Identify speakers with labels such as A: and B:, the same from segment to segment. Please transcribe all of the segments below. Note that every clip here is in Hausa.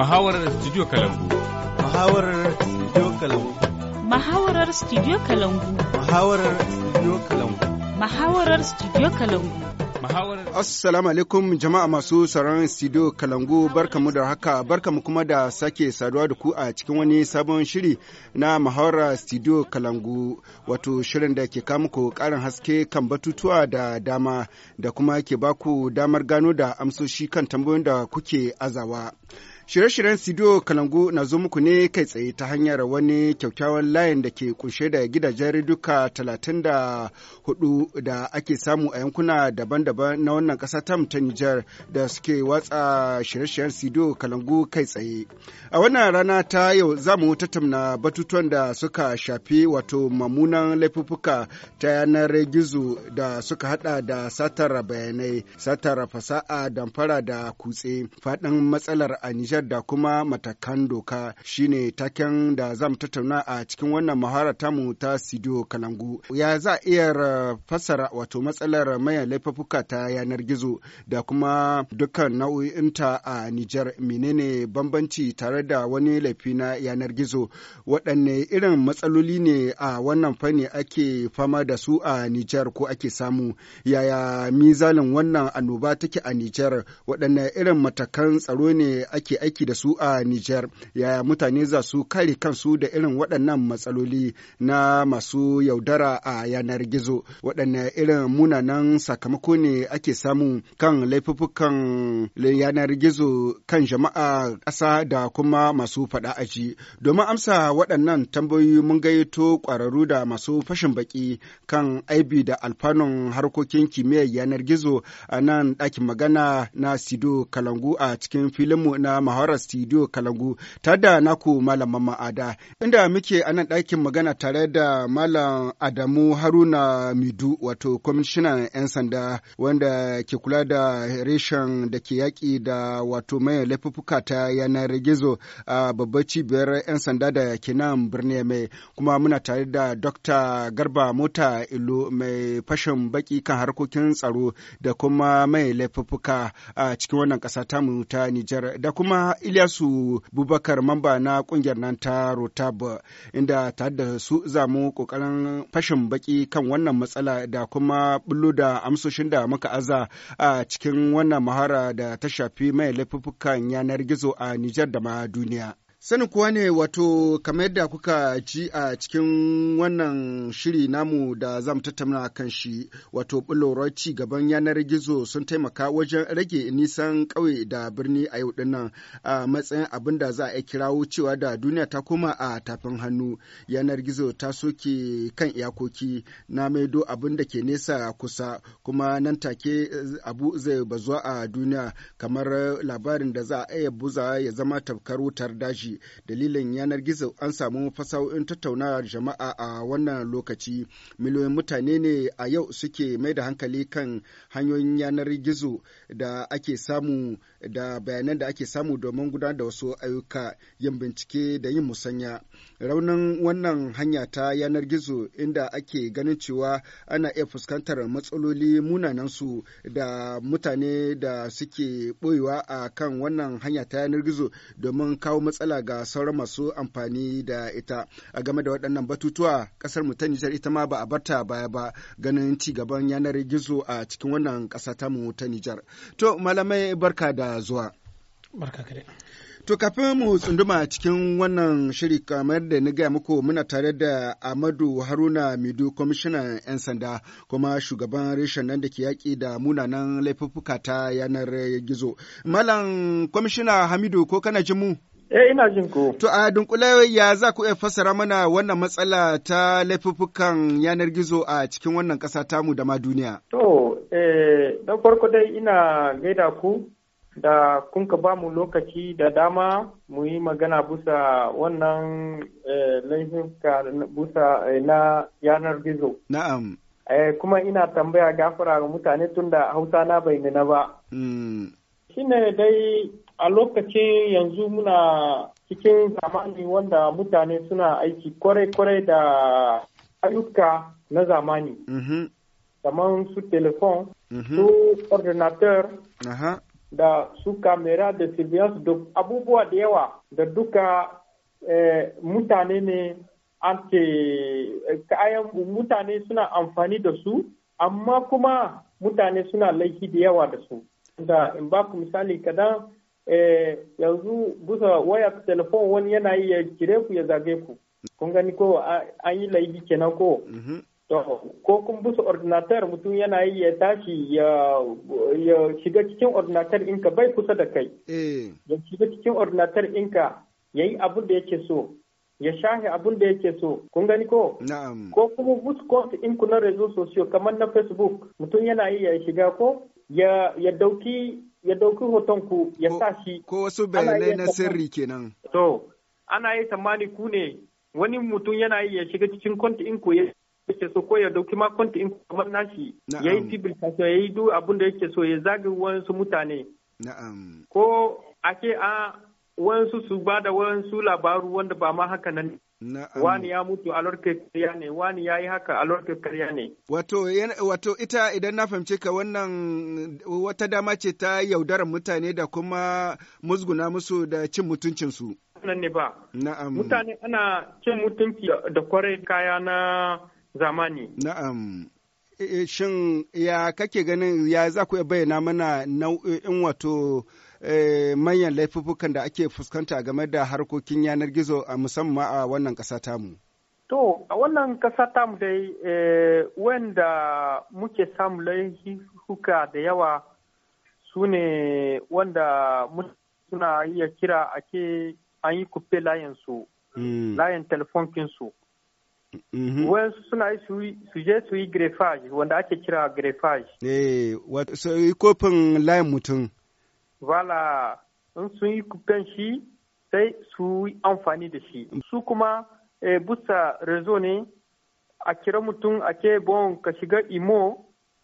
A: Muhawarar Studio Kalangu. Muhawarar Studio Kalangu.
B: Muhawarar Studio
C: Kalangu. Muhawarar Studio Kalangu. Muhawarar Studio Kalangu. Assalamu alaikum jama'a masu sauran studio Kalangu barkamu da haka barkamu kuma da sake saduwa da ku a cikin wani sabon shiri na mahawara studio Kalangu wato shirin da ke muku karin haske kan batutuwa da dama da kuma ke baku damar gano da amsoshi kan tambayoyin da kuke azawa. Shirye-shiryen Sidiyo Kalangu na zo muku ne kai tsaye ta hanyar wani kyakkyawan layin da ke kunshe da gidajen duka talatin da hudu da ake samu a yankuna daban-daban na wannan kasa ta ta Nijar da suke watsa shirye-shiryen Sidiyo Kalangu kai tsaye. A wannan rana ta yau za mu tattauna batutuwan da suka shafi wato mamunan laifuffuka ta yanar gizo da suka hada da satar bayanai, satar fasa'a damfara da kutse, faɗin matsalar a Nijar Nijar da kuma matakan doka shine taken da za mu tattauna a cikin wannan muhara tamu ta Sidiyo Kalangu. Ya za iya uh, fassara wato matsalar mayan laifuka ta yanar gizo da kuma dukkan nau'o'inta a Nijar menene bambanci tare da wani laifi na yanar gizo waɗanne irin matsaloli ne a wannan fanni ake fama da su a Nijar ko ake samu yaya mizalin wannan annoba take a Nijar waɗanne irin matakan tsaro ne ake aiki aiki da su a Nijar yaya mutane za su kare kansu da irin waɗannan matsaloli na masu yaudara a yanar gizo waɗanne irin munanan sakamako ne ake samu kan laifuffukan yanar gizo kan jama'a ƙasa da kuma masu faɗa aji domin amsa waɗannan tambayoyi mun gayyato ƙwararru da masu fashin baki kan aibi da alfanun harkokin kimiyyar yanar gizo a nan ɗakin magana na sido kalangu a cikin filinmu na muhawarar studio kalangu tada da naku malam ma'ada inda muke a ɗakin magana tare da malam adamu haruna midu wato kwamishinan 'yan sanda wanda ke kula da reshen da ke yaƙi da wato mai laifuka ta yanar gizo a babbar cibiyar 'yan sanda da ke nan birni mai kuma muna tare da dr garba mota ilo mai fashin baki kan harkokin tsaro da kuma mai laifuka a cikin wannan ƙasa tamu ta nijar da kuma Ilyasu Bubakar mamba na kungiyar nan ta Rotab inda tare da su zamu kokarin fashin baki kan wannan matsala da kuma bullo da amsoshin da muka aza a cikin wannan mahara da ta shafi mai laifuffukan yanar gizo a Nijar da ma duniya. Sani kuwa ne wato kamar yadda kuka ji a cikin wannan shiri namu da za mu tattauna kan shi wato bulorar ci gaban yanar gizo sun taimaka wajen rage nisan ƙauye da birni a yau dinnan a matsayin abin da za a kirawo cewa da duniya ta koma a tafin hannu yanar gizo ta soke kan iyakoki na maido abin da ke nesa kusa kuma nan take eh, abu zai bazuwa a duniya kamar labarin da za a iya buza ya zama tafkar wutar daji shi dalilin yanar gizo an samu fasahohin tattaunawar jama'a a wannan lokaci miliyoyin mutane ne a yau suke mai da hankali kan hanyoyin yanar gizo da ake samu da bayanan da ake samu domin gudanar da wasu ayyuka yin bincike da yin musanya raunin wannan hanya ta yanar gizo inda ake ganin cewa ana iya fuskantar matsaloli munanansu da mutane da suke boyewa a kan wannan hanya ta yanar gizo domin kawo matsala ga sauran masu amfani da ita a game da waɗannan batutuwa ƙasar mu ta nijar ita ma ba a barta baya ba ganin ci gaban yanar gizo a cikin wannan ƙasa ta mu ta nijar to malamai barka da zuwa. To kafin mu tsunduma cikin wannan shiri kamar da na gaya muku muna tare da Amadu Haruna Midu kwamishinan 'yan sanda kuma shugaban reshen nan da ke yaƙi da munanan laifuffuka ta yanar gizo. Malam kwamishina Hamidu ko kana jin mu? Eh ina jin ku. To a dunkule ya za ku iya fassara mana wannan matsala ta laifuffukan yanar gizo a cikin wannan ƙasa tamu da ma duniya.
A: To eh na farko dai ina gaida ku da kunka ba mu lokaci da dama mu yi magana busa wannan eh, laifuka busa eh, na yanar gizo. Na'am. Eh, kuma ina tambaya gafara ga mutane tun da hausa na bai nuna ba.
C: Hmm.
A: Shine dai a lokacin yanzu muna cikin zamani wanda mutane suna aiki kwarai-kwarai da ayyuka na zamani. Mm-hmm. Kamar su telefon, mm-hmm. su ordinateur, da su kamera da surveillance da abubuwa da yawa da duka eh, mutane ne an kayan mutane suna amfani da su amma kuma mutane suna laifi da yawa da su da in ba ku misali kadan eh, yanzu busa waya telefon wani yana yi ya kire ku ya zage ku kun gani ko an yi laifi kenan ko mhm. ko kun busa ordinatar mutum yana yi ya tashi ya shiga cikin ordinatar inka bai kusa da kai eh. ya shiga cikin ordinatar inka ya yi abin da yake so ya shahe abin da yake so kun gani ko ko kuma buskot in kuna rezo sosiyo kamar na facebook mutum yana yi ya shiga ko ya dauki ya dauki hoton ku ya sa shi ko wasu bayanai na sirri kenan to ana yi tamani ku ne wani mutum yana yi ya shiga cikin kwanti in ku ya yake so ko ya dauki makon in kamar nashi ya yi tibil civil ya yi duk abin da yake so ya zagi wasu mutane ko ake a wasu su ba da wasu labaru wanda ba ma haka nan wani ya mutu a lorkar karya ne wani ya yi haka a lorkar karya ne
C: wato wato ita idan na fahimce ka wannan wata dama ce ta yaudarar mutane da kuma musguna musu da cin mutuncinsu. nan ne ba. Mutane
A: ana cin mutunci da kwarai kaya na zamani.
C: Na'am. Eh, eh, shin ya kake ganin ya za ku bayyana mana nau'in wato eh, manyan laifuffukan da ake fuskanta game da harkokin yanar gizo a musamman a wannan ƙasa tamu? To, a wannan ƙasa tamu
A: dai wanda muke samu laifuka da yawa su ne wanda suna iya kira ake an yi kufe layin su, hmm. layin telefonkinsu. Mhm. Wasu suna yi su je su yi grefage wanda ake kira grefage.
C: Eh, wata yi kofin layin mutum.
A: Wala, in sun yi kufen shi sai su yi amfani da shi. Su kuma e, busa rezo ne a kira mutum a ke bon ka shiga imo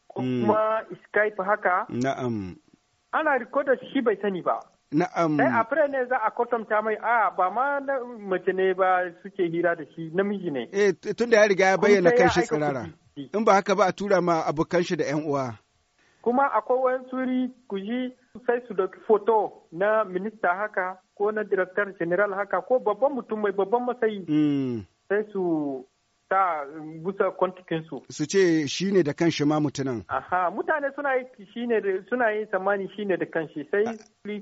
A: ko mm. kuma skype haka.
C: Na'am.
A: Ana rikoda shi bai sani ba.
C: Na'am. Sai
A: a ne za a kwatanta mai a ba ma mace ne ba suke hira da shi namiji ne. Eh tunda ya riga ya bayyana kanshi tsirara.
C: In ba haka ba a tura ma abokan shi da 'yan uwa.
A: Kuma akwai wani suri ku ji sai su dauki foto na minista haka ko na director general haka ko babban mutum mai babban masayi. Mm. Sai su sa
C: busa kwantikinsu. Su ce shi ne da kanshi ma mutunan.
A: Aha, mutane suna yi shi ne suna yin tsammani shi ne da kanshi sai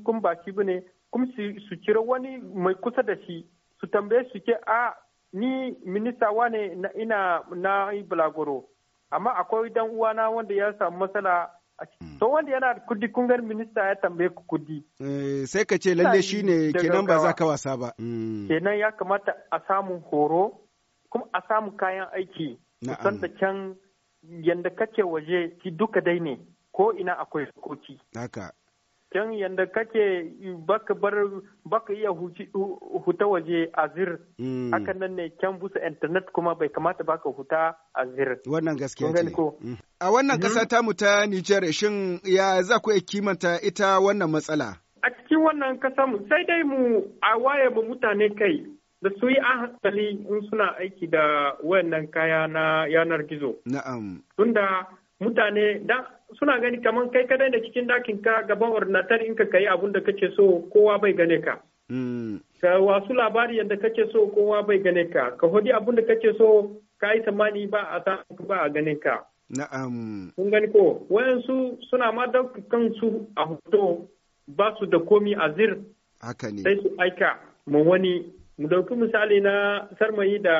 A: kun ba shi bane kuma su kira wani mai kusa da shi su tambaye su ke a ni minista wane na ina na yi bulagoro amma akwai dan uwana wanda ya samu matsala hmm. to wanda yana da kudi kungar minista ya tambaye ku kudi
C: eh, sai ka ce lalle shine kenan ba za ka wasa ba hmm.
A: kenan ya kamata a samun horo kuma a samu kayan aiki kusan da can yadda kake waje ki duka dai ne ko ina akwai
C: sokoki haka
A: can yadda kake baka bar baka iya huta waje a zir
C: hmm. hakan
A: nan ne can busa internet kuma bai kamata baka huta
C: a zir wannan gaskiya ce hmm. a wannan kasa ta mu ta Nijar shin ya za ku kimanta ita wannan matsala a cikin wannan kasa mu sai dai mu a waye
A: mu mutane kai da su yi hankali in suna aiki da wayannan kaya na yanar gizo. Na'am. Tunda mutane da suna gani kamar kai kadai da cikin dakin ka gaban ordinatar in ka kai abun da kake so kowa bai gane ka. Ka hmm. wasu labari yadda kake so kowa bai gane ka. Ka hodi abun da kake so ka yi tamani ba a ba a ganin ka.
C: Na'am.
A: Kun gani ko wayansu suna ma kansu a hoto ba su da komi a zir. Haka ne. Sai su aika ma wani mu ɗauki misali na sarmayi da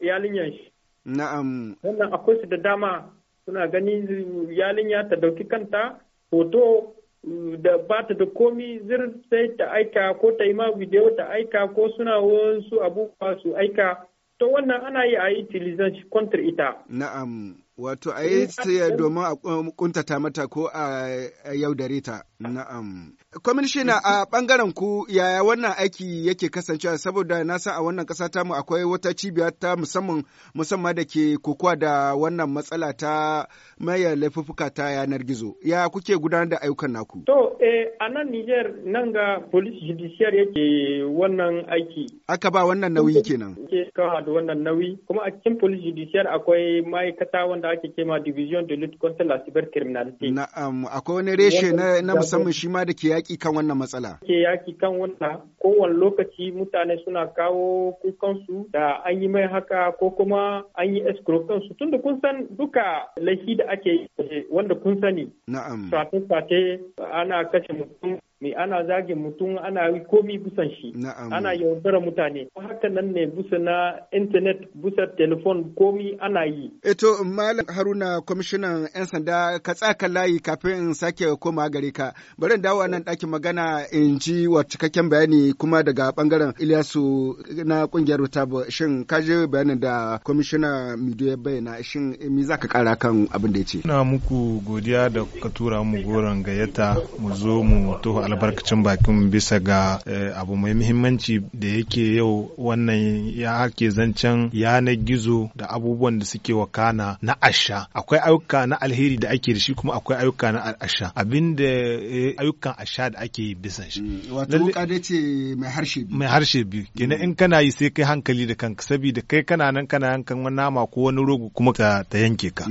A: yalinyan shi
C: na'am
A: wannan akwai su da dama suna gani yalinya ta ɗauki kanta hoto mm, da ba ta da komi zir sai ta aika ko ta ma ta aika ko suna wasu abubuwa su aika to wannan ana yi a yi shi kwantar ita
C: na'am Wato a yi tsaye domin a kuntata mata ko a yaudare ta. Na'am. Kwamishina a bangaren ku yaya wannan aiki yake kasancewa saboda na san a wannan kasa tamu akwai wata cibiya ta musamman musamman da ke kokowa da wannan matsala ta maye laifuffuka ta yanar gizo. Ya kuke gudanar da ayyukan naku?
A: To, eh, a nan Niger nan ga police judiciary yake wannan aiki.
C: Aka ba wannan nauyi kenan.
A: Ke wannan nauyi kuma a cikin police judiciary akwai ma'aikata wanda wanda ake kema division de lutte contre la cybercriminalité
C: na'am akwai wani reshe na, na musamman shi ma da ke yaki kan wannan matsala
A: ke yaki kan wannan kowane lokaci mutane suna kawo kukansu da an yi mai haka ko kuma an yi escrow su tunda kun san duka laifi da ake wanda kun sani na'am fate-fate ana kashe mutum mai ana zagin mutum ana yi komi busan shi ana
C: yaudara mutane haka nan ne busa na intanet busa telefon komi ana yi eto malam haruna kwamishinan yan sanda ka tsaka layi kafin sake koma gare ka bari dawo nan ɗakin magana in ji wa cikakken bayani kuma daga bangaren ilyasu na kungiyar rutabo shin ka je bayanin da kwamishina mido ya
D: bayyana shin me za ka kara kan abin da ya ce ina muku godiya da ka tura mu goron gayyata mu zo mu toho albarkacin bakin bisa ga eh, abu mai muhimmanci da yake yau wannan ya hake zancen yanar gizo da abubuwan da suke wakana na asha akwai ayyuka na alheri da ake da shi kuma akwai ayyuka na asha abin da eh, ayyukan asha da ake yi bisan shi hmm, wato wuka da ce mai harshe biyu mai harshe biyu kenan in kana yi sai kai hankali da kanka saboda kai kana nan kana yankan wani nama ko wani rogo kuma ta yanke ka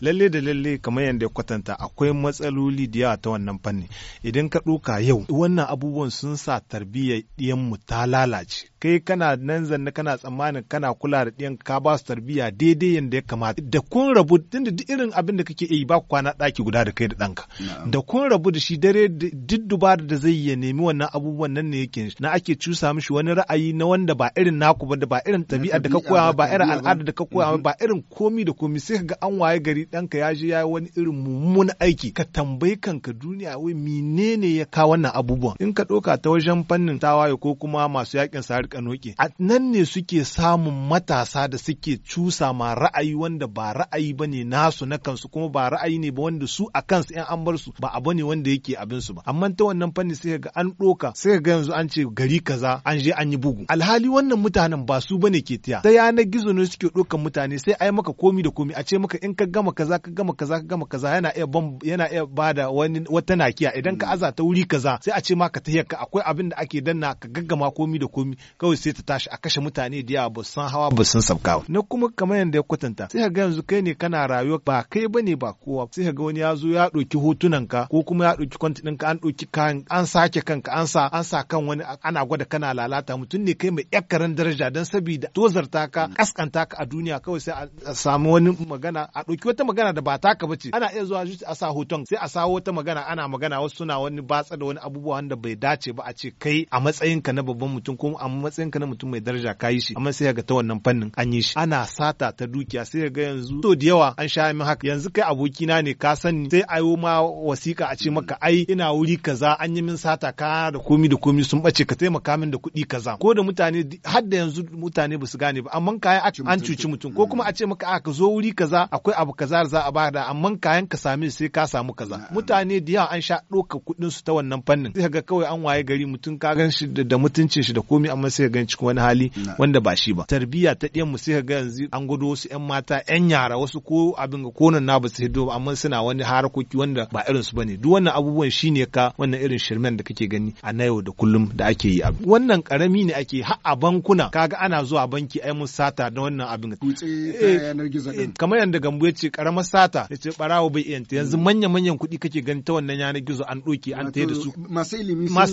D: lalle da lalle kamar yadda ya kwatanta akwai matsaloli da yawa ta wannan fanni idan ka ɗuka yau wannan abubuwan sun sa tarbiyyar mu ta lalace kai kana nan zanne kana tsammanin kana kula da ɗiyan ka ba su tarbiyya daidai yadda ya kamata da kun rabu tunda duk irin abin da kake yi ba kwana ɗaki guda da kai da ɗanka da kun rabu da shi dare duk da zai ya nemi wannan abubuwan nan ne yake na ake cusa mishi wani ra'ayi na wanda ba irin naku ba da ba irin tabi'a da ka koya ba irin al'ada da ka koya ba mm-hmm. irin komi da komi sai ga an waye gari ɗanka ya je ya yi wani irin mummuna aiki ka tambayi kanka duniya wai menene ya kawo wannan abubuwan in ka ɗauka ta wajen fannin tawaye ko kuma masu yakin sarika kanoke a nan ne suke samun matasa da suke cusa ma ra'ayi wanda ba ra'ayi ba ne nasu na kansu kuma ba ra'ayi ne ba wanda su a kansu yan an bar su ba abu ne wanda yake abin su ba amma ta wannan fanni sai ga an doka sai ga yanzu an ce gari kaza an je an yi bugu alhali wannan mutanen ba su bane ke tiya ta yanar gizo ne suke dokan mutane sai ai maka komi da komi a ce maka in ka gama kaza ka gama kaza ka gama kaza yana iya ban yana iya bada wani wata nakiya idan ka hmm. aza ta wuri kaza sai a ce ma ka tahiyar ka akwai abin da ake danna ka gaggama komi da komi kawai sai ta tashi a kashe mutane da yawa ba san hawa ba san sabka na kuma kamar yadda ya kwatanta sai ga yanzu kai ne kana rayuwa ba kai ba ne ba kowa sai ga wani ya zo ya ɗauki hotunanka ko kuma ya ɗauki kwanti ɗinka an ɗauki kan an sake kanka an sa an sa kan wani ana gwada kana lalata mutum ne kai mai yakkaran daraja dan sabida tozarta ka ƙasƙanta ka a duniya kawai sai a samu wani magana a ɗauki wata magana da ba taka ce. ana iya zuwa a sa hoton sai a sawo wata magana ana magana wasu suna wani batsa da wani abubuwa wanda bai dace ba a ce kai a matsayinka na babban mutum ko a matsayin ka na mutum mai daraja ka yi shi amma sai ga ta wannan fannin an yi shi ana sata ta dukiya sai ga yanzu to da yawa an sha min haka yanzu kai abokina ne ka sani sai ayo ma wasiƙa a ce maka ai ina wuri kaza an yi min sata ka da komi da komi sun bace ka taimaka min da kuɗi kaza ko da mutane har da yanzu mutane ba su gane ba amma kayan an cuci mutum ko kuma a ce maka a ka zo wuri kaza akwai abu kaza za a bada amma kayan ka same sai ka samu kaza mutane da yawa an sha ɗoka kuɗin su ta wannan fannin sai ga kawai an waye gari mutum ka gan shi da mutuncin shi da komi amma sai ka gani cikin wani hali wanda ba shi ba tarbiyya ta ɗiyan mu sai ka ga yanzu an gudu wasu yan mata yan yara wasu ko abin ga konan na ba su hido ba amma suna wani harakoki wanda ba irin su bane duk wannan abubuwan shine ka wannan irin shirmen da kake gani a na yau da kullum da ake yi abu wannan karami ne ake ha a bankuna kaga ana zuwa banki ai mun sata da wannan abin eh, eh, kamar yadda gambo ya ce karamar sata ya ce barawo bai iya yanzu mm. manya manyan kuɗi kake gani ta wannan yanar gizo an ɗoke an ta da su masu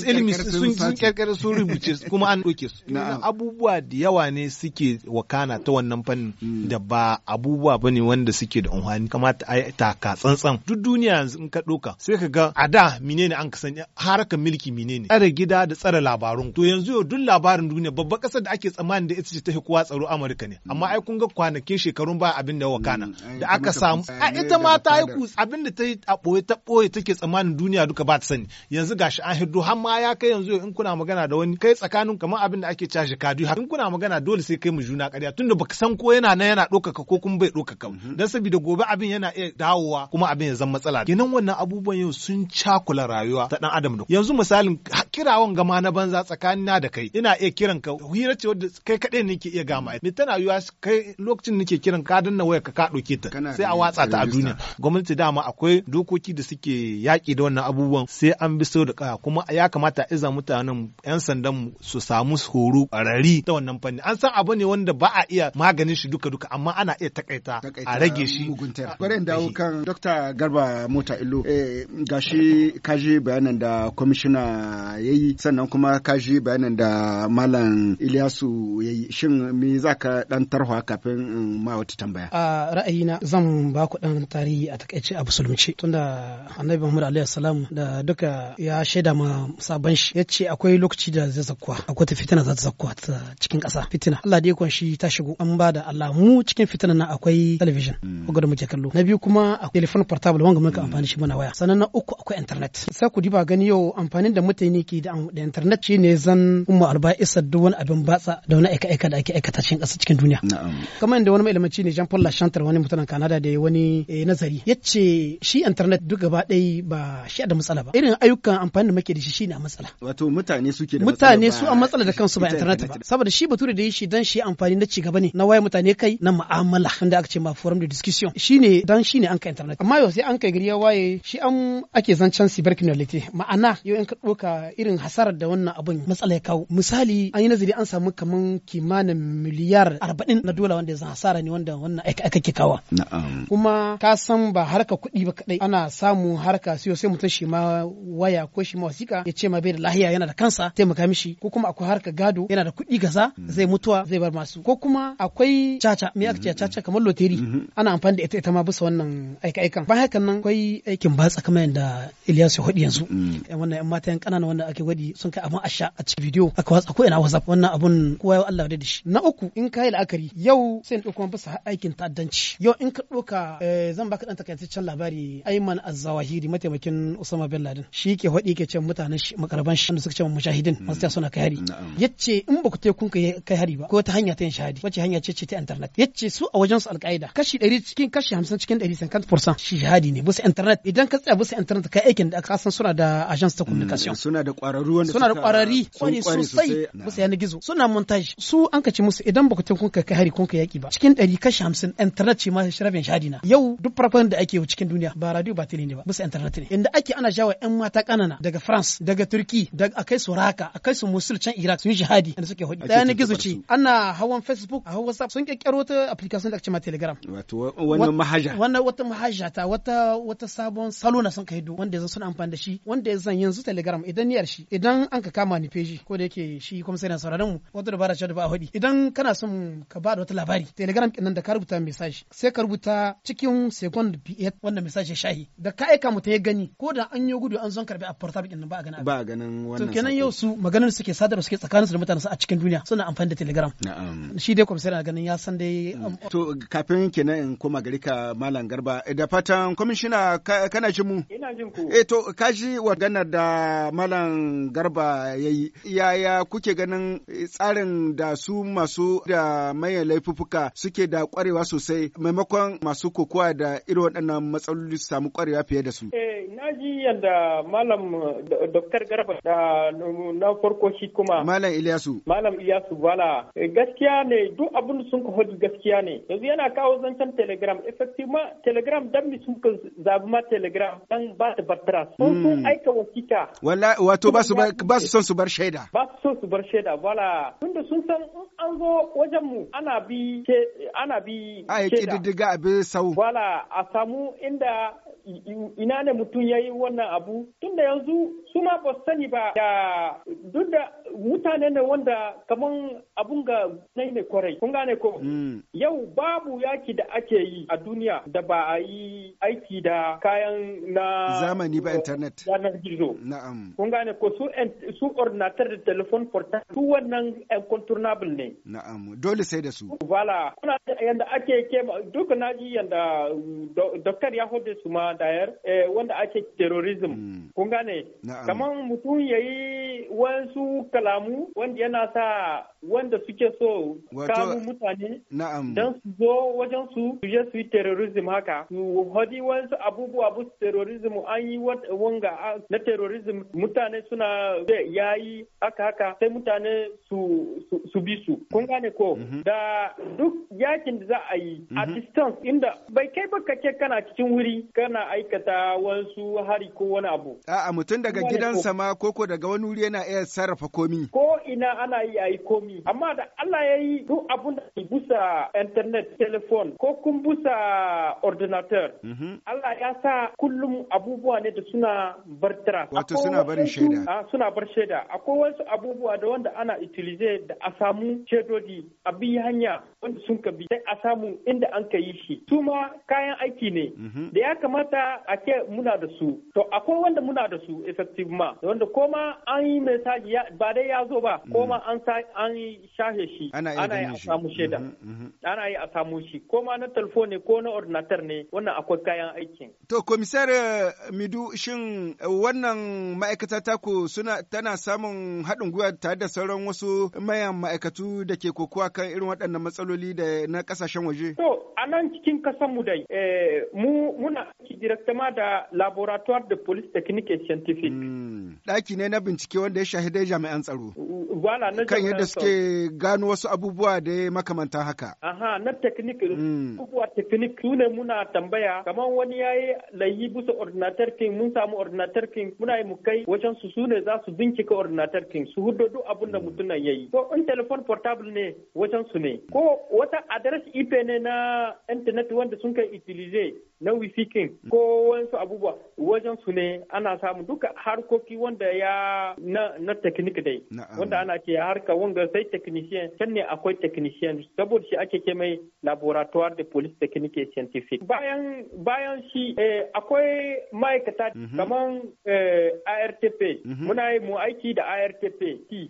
D: ilimi sun kirkira sun rubuce kuma an ɗoke abubuwa da yawa ne suke wakana ta wannan fannin mm. da ba abubuwa bane wanda suke da unhani kamata a taka tsantsan duk duniya yanzu in ka doka sai ka ga a da menene an kasance harakan mulki menene tsare gida da tsare labarun to yanzu yau duk labarin duniya babban kasar da ake tsammani da ita ce ta kowa tsaro Amurka ne amma ai kun ga kwanake shekarun ba abin da wakana mm, da aka samu a ita ma ta yi kusa. abin da ta yi a boye ta boye take tsammanin duniya duka ba ta sani yanzu gashi an hiddo har ma ya kai yanzu in kuna magana da wani kai tsakanin kamar abin da ake cashe kadu in kuna magana dole sai kai mu juna ƙarya tunda baka san ko yana nan yana ɗaukaka ko kuma bai ɗaukaka mhm. dan saboda gobe abin yana iya dawowa kuma abin ya zama matsala kenan wannan abubuwan yau sun cakula rayuwa ta dan adam da yanzu misalin kirawan gama na banza tsakanin na da kai ina iya kiran ka hira ce wanda kai kaɗai nake iya gama mai tana yiwa kai lokacin nake kiran ka dan danna waya ka ka ɗauke ta sai a watsa ta a duniya gwamnati dama akwai dokoki da suke yaƙi da wannan abubuwan sai an bi sau da kuma ya kamata iza mutanen 'yan sandan su samu horo ƙwararri ta wannan fanni an san abu ne wanda ba a iya maganin shi duka duka amma ana iya takaita a rage shi
C: bari in dawo kan dr garba mota illo eh, gashi kaji bayanan da kwamishina yayi sannan kuma kaji bayanan da malam iliyasu yayi shin me za ka dan kafin ma wata tambaya
B: a ra'ayina zan ba ku dan tarihi a takaice a musulunci tunda annabi muhammad alaihi salam da duka ya shaida ma sabon shi ya ce akwai lokaci da zai zakuwa akwai fitina fitina za ta zakkuwa cikin ƙasa fitina Allah da ikon shi ta shigo an ba da Allah mu cikin fitinan nan akwai television hmm. wanda da muke kallo na biyu kuma akwai telefon portable wanga muka hmm. amfani shi muna waya sannan na uku akwai internet sai ku diba gani yau amfanin da mutane ke da internet shi ne zan umma alba isa duk wani abin batsa da wani aika aika da ake aikata cikin ƙasa cikin duniya kamar yadda wani mailamaci ne Jean Paul Lachantre wani mutumin Canada da wani eh, nazari yace shi internet duk gaba ɗaya ba shi da matsala ba irin ayyukan amfani da muke da shi shine a matsala
C: wato mutane suke da
B: mutane su a matsala da kansu su ba internet ba saboda shi bature da shi dan shi amfani na cigaba ne na waya mutane kai na mu'amala inda aka ce ma forum de discussion shine dan shine an ka internet amma yau sai an kai gari ya waye shi an ake zancen cybercriminality ma'ana yau in ka doka irin hasarar da wannan abun matsala ya kawo misali an yi nazari an samu kaman kimanin miliyar arba'in na dola wanda zan hasara ne wanda wannan aika aka ke kawa kuma ka san ba harka kuɗi ba kadai ana samu harka siyo sai mutum shi ma waya ko shi ma wasiƙa ya ce ma bai da lahiya yana da kansa taimaka mishi ko kuma akwai harka gado yana da kuɗi gasa. Mm. zai mutuwa zai bar masu ko kuma akwai caca me aka caca kamar loteri mm-hmm. ana amfani da ita ita ma bisa wannan aika-aikan bayan hakan nan akwai aikin batsa kamar yadda Ilyasu ya yanzu mm. yan wannan yan mata yan wani wanda ake gwadi sun kai abun asha a cikin bidiyo aka watsa ko ina WhatsApp wannan abun kowa ya Allah da shi na uku in kai la'akari yau sai in ɗauko bisa aikin ta'addanci yau in ka ɗauka eh, zan baka ɗan takaitaccen labari Ayman Az-Zawahiri mataimakin Usama bin Laden shi ke hodi ke ce mutanen shi makarban shi suka ce mujahidin mm. masu suna hari yace in ba ku te kun kai hari ba ko ta hanya ta yin shahadi wace hanya ce ce ta internet yace su a wajen su alƙaida kashi 100 cikin kashi 50 cikin 100 50% shahadi ne busa internet idan ka tsaya busa internet ka aikin da ka san suna da agence ta communication mm, suna da ƙwararru wanda suna da ƙwararri kwani sosai busa yana gizo suna montage su an kace musu idan ba ku te kun kai hari kun kai yaki ba cikin 100 kashi 50 internet ce ma sharafin shahadi na yau duk farkon da ake cikin duniya ba radio ba tele ne ba busa internet ne inda ake ana jawo yan mata kanana daga France daga Turki daga akai su Raqqa akai su Mosul can Iraq su yi jihadi da suke hudu daya na gizo ce ana hawan facebook a whatsapp sun kyakkyar wata application da ake cewa telegram wato wannan mahaja wannan wata mahaja ta wata wata sabon salo na sun kai kaido wanda yanzu suna amfani da shi wanda yanzu zan yanzu telegram idan niyar shi idan an ka kama ni feji ko da yake shi kuma sai na sauraron mu wata dabara ce da ba a hudu idan kana son ka ba da wata labari telegram nan da ka rubuta message sai ka rubuta cikin second biyar wanda message ya shahi da ka aika mu ta ya gani ko da an yi gudu an zon karbi a portal din ba a gana. ba a ganin wannan to kenan yau su maganar suke sadarwa suke tsakanin su da mutanensu a cikin duniya suna amfani da telegram shi dai sai ganin ya san dai um, mm.
C: to kafin kenan in koma gari ka malam garba eh, da fatan kwamishina kana jin mu ina jin ku eh to kaji wagana da malam garba yayi yaya kuke ganin eh, tsarin da su masu da maye laifuffuka suke da kwarewa sosai maimakon masu kokowa da irin waɗannan matsaloli su samu kwarewa fiye da su
A: eh, na ji yadda malam Dr. garba da na farko shi kuma malam Malam Ilyasu. Malam Iliyasu wala eh, gaskiya ne duk abin da sun ka hudu gaskiya ne. Yanzu yana kawo zancen Telegram. ma Telegram dan mi sun ka zabi ma Telegram dan ba ta bartara. Sun hmm. sun aika wakika.
C: Wala wato ba su ba su son su bar shaida. Ba su son su bar shaida wala.
A: Tunda sun san in an zo wajen mu ana bi ana bi. A yi kididdiga
C: a bi sau. Wala
A: a samu inda ina ne mutum ya yi wannan abu tunda yanzu su ma ba sani ba da duk da mutane mutane ne wanda kaman abun ga nai ne kwarai kun gane ko mm. yau babu yaki da ake yi a duniya da ba a yi aiki da kayan na
C: zamani ba internet
A: yanar gizo na'am kun gane ko su su ordinateur da telephone portable su wannan incontournable ne na'am
C: dole sai da su
A: wala kuna yanda ake ke duk naji yanda doktor ya hode su ma dayar eh, wanda ake terrorism mm. kun gane kaman mutum yayi wasu kalamu wanda yana sa wanda suke so kamun mutane don su zo wajen su suje su yi terrorism haka su hadi wasu abubuwa bu terrorism an yi wanga na terrorism mutane suna yayi haka haka sai mutane su su bi su kun gane ko mhm. da duk yakin da za a yi a mhm. distance inda bai kai baka ke kana cikin wuri kana aikata wasu hari ko wani abu
C: a'a mutum daga gidansa ma koko daga wani wuri yana iya sarrafa komi ko ina ana yi a yi komi amma da Allah ya yi duk abun da busa internet telefon ko kun busa
A: ordinateur mhm. Allah ya sa kullum abubuwa ne da suna bartara wato suna bar shaida suna bar shaida akwai wasu abubuwa da wanda ana utilize da a samu shaidodi a bi hanya wanda sun ka bi sai a samu inda an ka yi shi su ma kayan aiki ne mhm. da ya kamata a ke muna da su to akwai wanda muna da su ma wanda koma an yi mesaji ba dai ya zo ba mm. ko ma an an shahe shi ana yi a samu shaida mm-hmm, mm-hmm. ana yi a samu shi ko ma na telefon ne ko na ordinatar ne wannan akwai kayan aikin
C: to komisar eh, midu shin eh, wannan ma'aikata ku suna tana samun haɗin gwiwa tare da sauran wasu mayan ma'aikatu da ke kokowa kan irin waɗannan matsaloli da na ƙasashen waje to a nan cikin kasan mu
A: dai eh, mu muna aiki directement da laboratoire de police technique et scientifique
C: mm. ɗaki ne na bincike wanda ya shahidai jami'an tsaro kan yadda suke gano wasu abubuwa da ya makamanta haka.
A: Aha, na teknik,
C: hmm. abubuwa teknik su
A: ne muna tambaya, kamar wani ya yi layi busa ordinator king, mun samu ordinator king, muna yi mu wajen su su ne za su bincika ordinator king, su hudu duk abin da hmm. mutum ya yi. Ko in telefon portable ne wajen su ne, ko wata adres IP ne na internet wanda sun kai utilize na wifikin ko wasu abubuwa wajen su ne ana samu duka harkoki wanda ya na, na teknik dai wanda ana ce harka wanga sai technician can ne akwai technician saboda shi ake ke mai laboratoire de police technique et scientifique bayan bayan shi eh, akwai ma'aikata kamar mhm. kaman eh, ARTP mhm. muna yi mu aiki da ARTP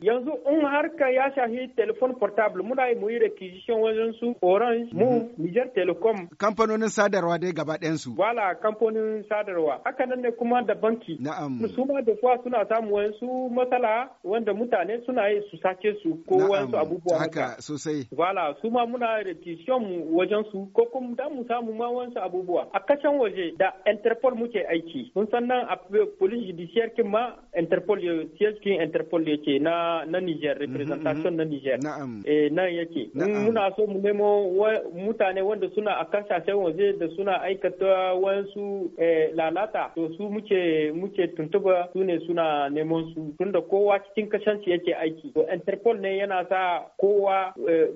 A: yanzu in harka ya shafi telefon portable muna yi mu yi requisition wajen su Orange mu mhm. Niger Telecom kamfanonin sadarwa dai gaba gaba ɗayan wala kamfanin sadarwa haka nan ne kuma da banki na'am su ma da kuwa suna samu wasu matsala wanda mutane suna yi su sake su ko wayansu abubuwa haka sosai wala su ma muna repetition wajen su ko kuma da mu samu ma wayansu abubuwa a kacan waje da interpol muke aiki mun san nan a police judiciaire kin ma interpol ya interpol yake na na Niger mhm, representation mhm. na Niger na'am eh nan yake muna so mu nemo mutane wanda suna a kasashen waje da suna aiki aikata eh, lalata to su muke muke tuntuba su ne suna neman su tunda kowa cikin kashanci yake aiki to interpol ne yana sa
C: kowa eh,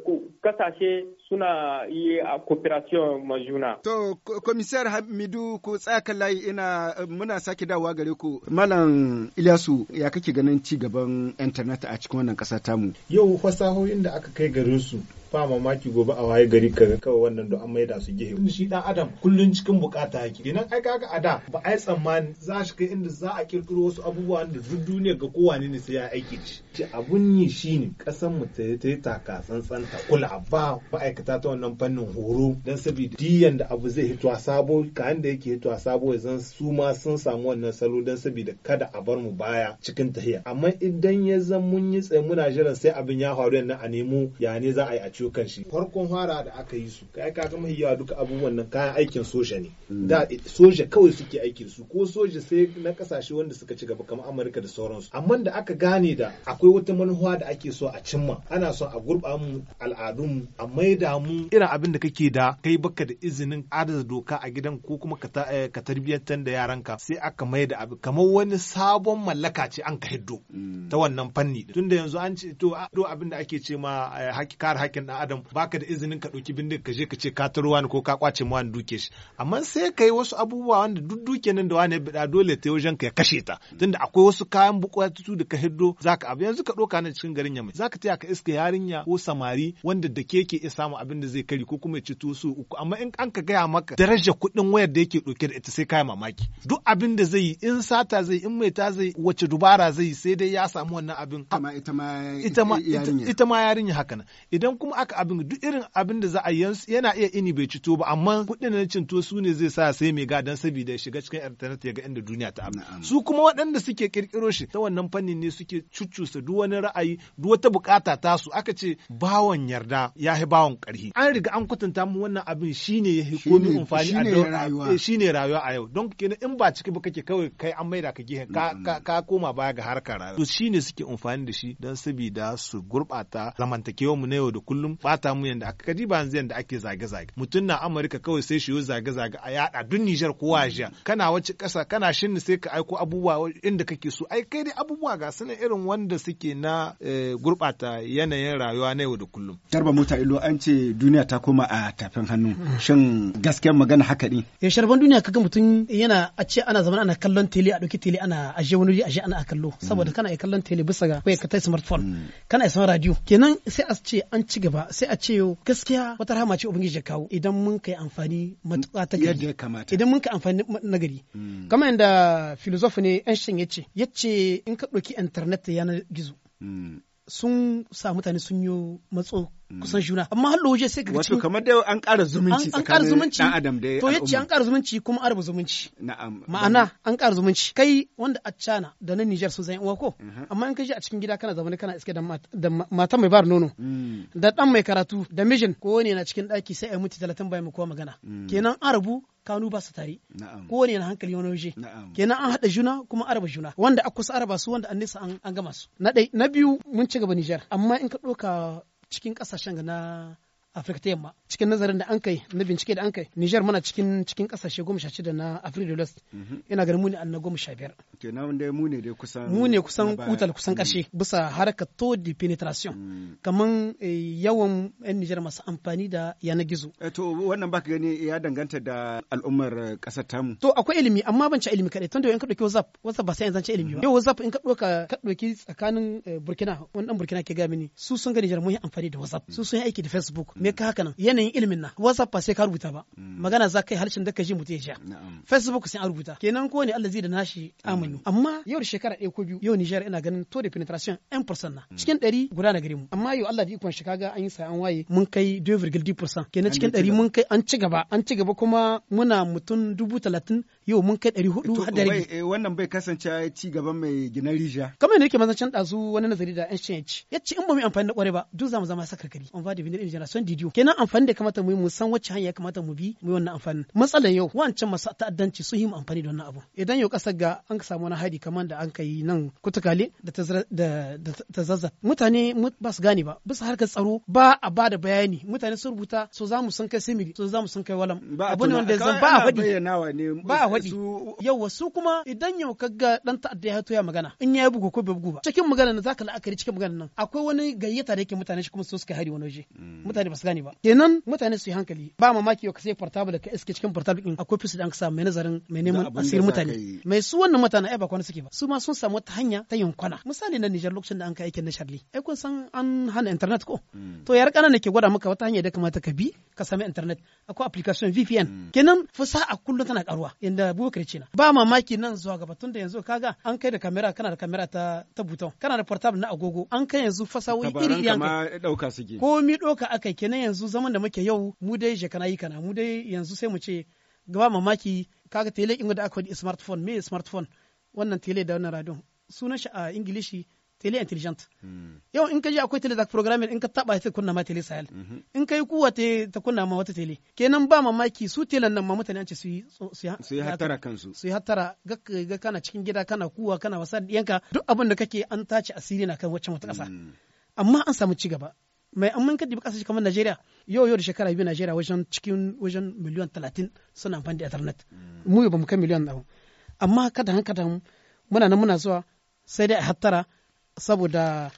C: kasashe suna yi a cooperation majuna. juna to komisar hamidu ko tsaka layi ina muna sake dawowa gare ku malam ilyasu ya kake ganin ci gaban internet a cikin wannan kasa tamu yau fasahohin
D: da aka kai gare su ba mamaki gobe a waye gari kaga kawai wannan don an maida su gihe. shi dan adam kullun cikin bukata yake idan ai kaga ada da ba ai tsammani za shi kai inda za a kirkiro wasu abubuwa da duk duniya ga kowa ne sai ya aiki ci abun yi shine kasan mu ta ta taka tsantsan ta kula ba ma'aikata ta wannan fannin horo dan saboda diyan da abu zai a sabo ka da yake a sabo yanzu su ma sun samu wannan salo dan saboda kada a bar mu baya cikin tahiya amma idan ya zan mun yi tsaye muna jiran sai abin ya faru yanzu a nemo ya ne za a yi a ciwo kan shi farkon fara da aka yi su kai ka ga mahiyawa duka abubuwan nan kayan aikin soja ne hmm. da soja kawai suke aikin su ko soja sai na kasashe wanda suka ci gaba kamar Amurka da sauransu amma da aka gane da akwai wata manufa da ake so a cimma ana son a gurba mu al'adun a maida mu irin abin da kake da kai baka da izinin adada doka a gidan ko kuma eh, ka tarbiyyantar da yaranka sai aka maida abu kamar wani sabon mallaka ce an ka hiddo hmm. ta wannan fanni tunda yanzu an ce to abin da ake ce ma eh, kare hakkin dan adam baka da izinin ka ɗauki bindiga ka je ka ce ka taro wani ko ka kwace ma wani duke shi amma sai kai wasu abubuwa wanda duk duke nan da wani ya bida dole ta wajen ka ya kashe ta tunda akwai wasu kayan bukatu da ka hiddo zaka abu yanzu ka ɗauka nan cikin garin yamai zaka taya ka iska yarinya ko samari wanda da ke ke iya samu abin da zai kari ko kuma ya ci tusu uku amma in an ka gaya maka darajar kuɗin wayar da yake ɗauke da ita sai kai mamaki duk abin da zai yi in sata zai in mai ta zai wace dubara zai sai dai ya samu wannan abin ita ma yarinya haka nan idan kuma aka abin duk irin abin da za a yansu yana iya ini bai cito ba amma kuɗin na cinto su ne zai sa sai mai gadon saboda ya shiga cikin internet ya ga inda duniya ta abu su kuma waɗanda suke kirkiro shi ta wannan fannin ne suke cucusa duk wani ra'ayi duk wata bukata tasu aka ce bawan yarda ya fi bawan ƙarhi an riga an kwatanta mu wannan abin shine ya komi amfani a eh, shine rayuwa a yau don kenan in ba ciki ba kake kawai kai an maida ka gihe ka koma baya ga harkar rayuwa to shine suke amfani da shi don saboda su gurɓata zamantakewa mu na yau da kullum kullum bata mu yanda aka kadi ba yanda ake zage-zage mutum na amurka kawai sai shi zage-zage a yada duk nijar ko jiya kana wace kasa kana shin sai ka aiko abubuwa inda kake so ai kai dai abubuwa ga suna irin wanda suke na eh, gurbata yanayin rayuwa na yau da kullum
C: garba mota ilo an ce duniya ta koma a tafin hannu shin gaskiyar magana haka ne
B: ya eh, sharban duniya kaga mutum yana a ce ana zaman ana kallon tele a dauki tele ana aje wani wuri aje ana kallo saboda mm. kana kallon tele bisa ga kai ka tai smartphone mm. kana son radio kenan sai a ce an ci gaba ba sai a ce gaskiya wata rahama ce ubangiji ya kawo idan mun kai amfani matuƙa ta gari idan mun kai amfani na gari mm. kamar yadda filozofi ne yan ya ce ya ce in ka ɗauki internet yanar gizo mm. sun sa mutane sun yi matso mm. kusan juna amma hallo waje sai ka wato kamar da an ƙara zumunci tsakanin dan adam da to yace an ƙara zumunci kuma arba zumunci na'am ma'ana an ƙara zumunci kai wanda a China da nan Niger sun zan uwa ko mhm. amma in kaje a cikin gida kana zaune kana iske da mata mai bar nono mm. da dan mai karatu da mijin ko ne na cikin daki sai ai mutu 30 bai mu kowa magana mm. kenan arabu kanu ba su tare kowane na hankali wani waje kenan an haɗa juna kuma araba juna wanda a kusa araba su wanda an nesa an gama su na biyu mun ci gaba Nijar amma in ka ɗauka cikin ƙasashen na Afirka ta yamma cikin nazarin da an kai na bincike da an kai Niger muna cikin cikin kasashe goma sha shida na Afirka da mhm. ina ganin mu ne an na goma sha biyar.
C: Kenan mu ne dai kusan mu ne kusan kutal
B: kusan karshe mm. bisa haraka to de penetration mm. kaman eh, yawan yan Niger masu amfani da yanar gizo.
C: Eh, to wannan baka gani ya danganta da al'ummar kasar eh, tamu.
B: To akwai ilimi amma ban ci ilimi kadai tunda in ka dauki WhatsApp WhatsApp ba sai yanzu zance ilimi ba. Mhm. Yau WhatsApp in ka dauka ka dauki tsakanin Burkina wannan Burkina ke ga mini su sun ga Niger mun yi amfani da WhatsApp mm. su sun yi aiki da Facebook. me ka haka nan yanayin ilimin na whatsapp ba sai ka rubuta ba mm. magana za kai harshen da ka ji mutum ya sha facebook sai an rubuta kenan ko ne Allah zai da nashi amanu mm. amma yau shekara ɗaya ko biyu yau Nijar ina ganin to da penetration 1% na mm. cikin ɗari guda na gare mu amma yau Allah da ikon shi kaga an yi sa an waye mun kai 2.2% kenan cikin ɗari mun kai an ci gaba an ci gaba kuma muna mutum dubu talatin yau mun kai ɗari hudu har da eh, Wannan bai kasance ci gaba mai gina rija. Kamar yadda yake mazancin ɗazu wani nazari da yan shan ya Yacce in ba mu amfani da ƙwarai ba duk za mu zama saka gari. An fadi bindin generation didiyo. Kenan amfani da kamata mu yi mu san wacce hanya ya kamata mu bi mu yi wannan amfani. Matsalar yau wancan masu ta'addanci sun yi mu amfani da wannan abu. Idan yau ƙasar ga an samu wani hadi kamar da an kai nan kutukale da ta Mutane ba su gane ba bisa harkar tsaro ba a ba da bayani mutane sun rubuta so za mu san kai simili so za mu san kai walam. Abu ne ba a faɗi. Ba a faɗi yawa su kuma idan yau ka ga dan ta'adda ya ya magana in ya bugu ko bai bugu ba cikin magana nan zaka la'akari cikin magana nan akwai wani gayyata da yake mutane shi kuma su suka hari wani waje mm. mutane ba gane ba kenan mutane su yi hankali ba mamaki yau ka sai portable ka iske cikin portable din akwai fisu da an samu mai nazarin mai neman asirin mutane mai su wannan mutane ai ba kwana suke ba su ma sun samu wata hanya ta yunkwana misali na Nijar lokacin da an kai aikin na Charlie ai kun san an hana internet ko mm. to yar kana ne ke gwada maka wata hanya da kamata ka bi ka sami internet akwai application VPN mm. kenan fusa a kullum tana karuwa inda Abubakar Cina ba mamaki nan zuwa gaba tun da yanzu kaga an kai da kamera kana da kamera ta ta buton kana da portable na agogo an kai yanzu fasahohi iri iri an kai dauka suke komi doka akai kenan yanzu zaman da muke yau mu dai je kana yi kana mu dai yanzu sai mu ce gaba mamaki kaga tele ingo da aka smartphone me smartphone wannan tele da wannan radio sunan shi a ingilishi tele intelligent hmm. yau in ka ji akwai tele za programming in ka taba ta kunna ma tele sahel mhm. in kai kuwa ta kunna ma wata tele kenan ba mamaki su telan nan ma mutane an ce su yi
C: hattara kansu
B: su yi hattara ga kana cikin gida kana kuwa kana wasa yanka. duk abin da kake an tace asiri na kan wacce mata kasa hmm. amma an samu ci gaba mai amma ka dibi kasashe kamar Najeriya yau yau da shekara biyu Najeriya wajen cikin wajen miliyan talatin suna amfani da internet hmm. mu ba mu kai miliyan ɗaya amma kada kadan muna nan muna zuwa sai dai a hattara saboda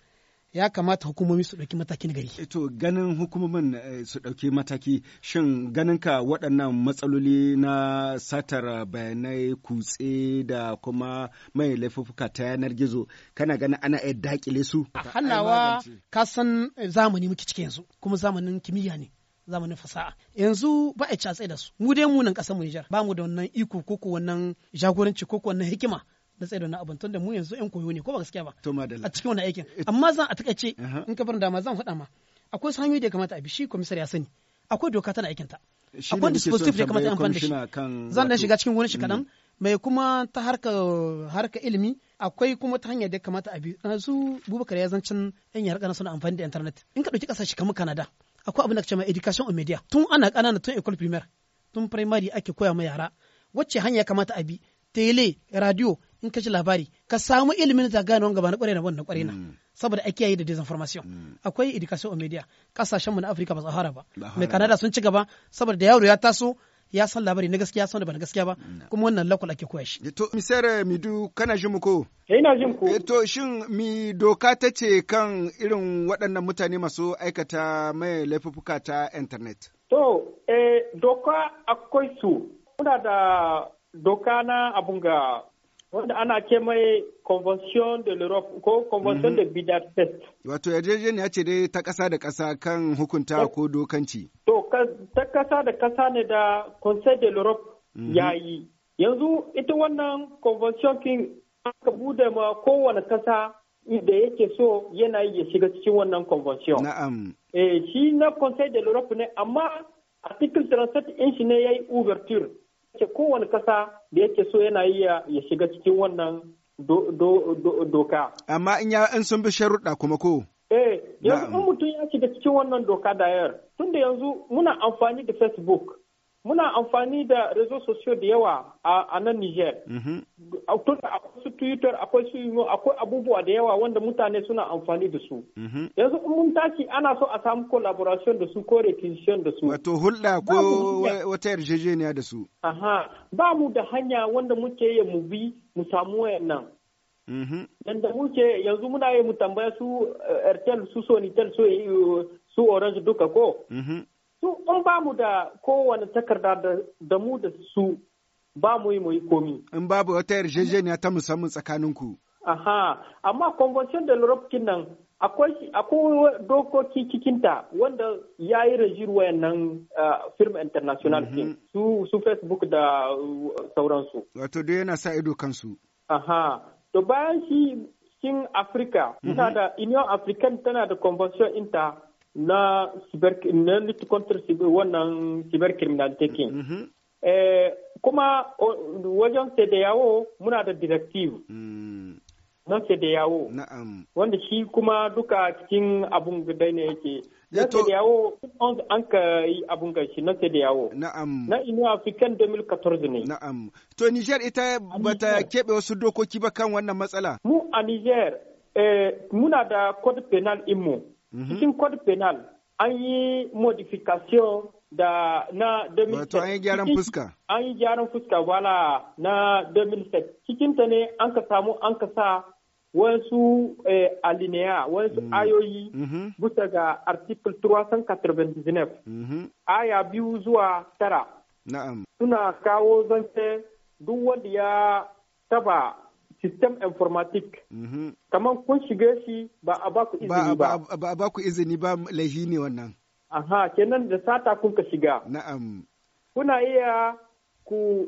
B: ya kamata hukumomi su ɗauki mataki na gari.
C: To ganin hukumomin eh, su ɗauki mataki shin ganin ka waɗannan matsaloli na satar bayanai kutse da kuma mai laifuka ta yanar gizo kana ganin ana iya dakile su. A hannawa
B: ka san zamani muke cike yanzu kuma zamanin kimiyya ne. zamanin fasaha yanzu ba a ci da su mu dai mu nan ƙasar mu Nijar ba mu da wannan iko ko wannan jagoranci ko wannan hikima na tsaye da wani abin tun da mu yanzu yan koyo ne ko ba gaskiya ba a cikin wani aikin amma zan a takaice in ka bar dama zan faɗa ma akwai su hanyoyi da ya kamata a bi shi komisar ya sani akwai doka tana aikinta akwai dispositif da ya kamata a amfani da shi
C: zan dan shiga cikin wani shi mm. kaɗan
B: mai kuma ta harka harka ilimi akwai kuma ta hanyar da ya kamata a bi su bubakar ya zancin yan yara kana suna amfani da internet in ka ɗauki ƙasashe kamar canada akwai abin da ce ma education on media tun ana ƙanana tun école primaire tun primary ake koya ma yara wacce hanya kamata a bi tele radio in ka ji labari ka samu ilimin da gane wanga ba na kware na wannan kware na mm. saboda ake yi da disinformation mm. akwai education media kasashen mu na Africa ba tsahara ba mai Canada sun ci gaba saboda da yaro ya taso ya san labari na gaskiya san da ba na gaskiya ba mm. kuma wannan lakul ake koya shi
C: eh, to misere eh, midu kana jin mu ko eh, ina jin ku to shin mi doka ta ce kan irin waɗannan mutane masu aikata mai laifuka ta internet to eh doka akwai su
A: muna da doka na abun ga wanda ana ke mai convention de l'Europe ko convention de mhm. Budapest.
C: Wato yarjejeniya ce dai ta kasa da kasa kan hukunta eh. ko dokanci.
A: To ta kasa da kasa ne da Conseil de l'Europe mhm. ya yi. Yanzu ita wannan convention kin aka bude ma kowane kasa da yake so yana ya shiga cikin wannan convention. Na'am. Eh shi na Conseil de l'Europe ne amma article 37 in shi ne yayi ouverture. ke kowane kasa da yake so yana yi ya shiga cikin wannan
C: doka. Amma in ya in sun bi sharuɗa kuma ko?
A: Eh, yanzu in mutum ya shiga cikin wannan doka dayar, tunda yanzu muna amfani da Facebook, muna amfani da rezo sosiyo da yawa a nan Niger. Mhm. akwai su Twitter, akwai su Yuno, akwai abubuwa da yawa wanda mutane suna amfani da su. Mhm. Yanzu mun tashi ana so a samu collaboration da su ko recognition da su. Wato hulɗa ko
C: wata yarjejeniya
A: da su. Aha, ba mu da hanya wanda muke yi mu bi mu samu nan. Mhm. Yanda muke yanzu muna yi mu tambaya su eh, Airtel, su Sonitel, eh,
C: su Orange duka ko. su in ba mu da kowane takarda da mu da su ba mu yi mu komi. In babu wata yarjejeniya ta musamman tsakaninku.
A: Aha, amma Convention da Europe nan akwai dokoki cikinta wanda ya yi rajir wayannan firma international mhm. su su Facebook da sauransu. Wato dai yana sa ido kansu. Aha, to bayan shi cikin Afirka, muna mhm. da Union African tana da Convention inta na cyber na lutte contre wannan criminal kin mhm. eh, kuma wajen yawo muna da directive mm. na yawo wanda shi kuma duka cikin abun da ne yake
C: eh, na yawo an ka yi abun ga shi na yawo na inu african 2014 ne na'am to niger ita bata kebe wasu dokoki ba kan wannan matsala mu a niger eh, muna da code penal imu Mhm. cikin code penal
A: an yi modification da na 2007 wato an yi gyaran fuska an yi gyaran fuska wala na 2007 cikin ta ne an ka samu an ka sa wasu eh, alineya wasu mm. ayoyi mm -hmm. bisa ga article 399 mm -hmm. aya biyu zuwa tara na'am suna kawo zance duk wanda ya taba system informatique. Mhm. kamar kun shiga shi ba a baku izini
C: ba ba a baku izini ba laifi
A: ne wannan aha kenan da sata kun ka shiga na'am kuna iya ku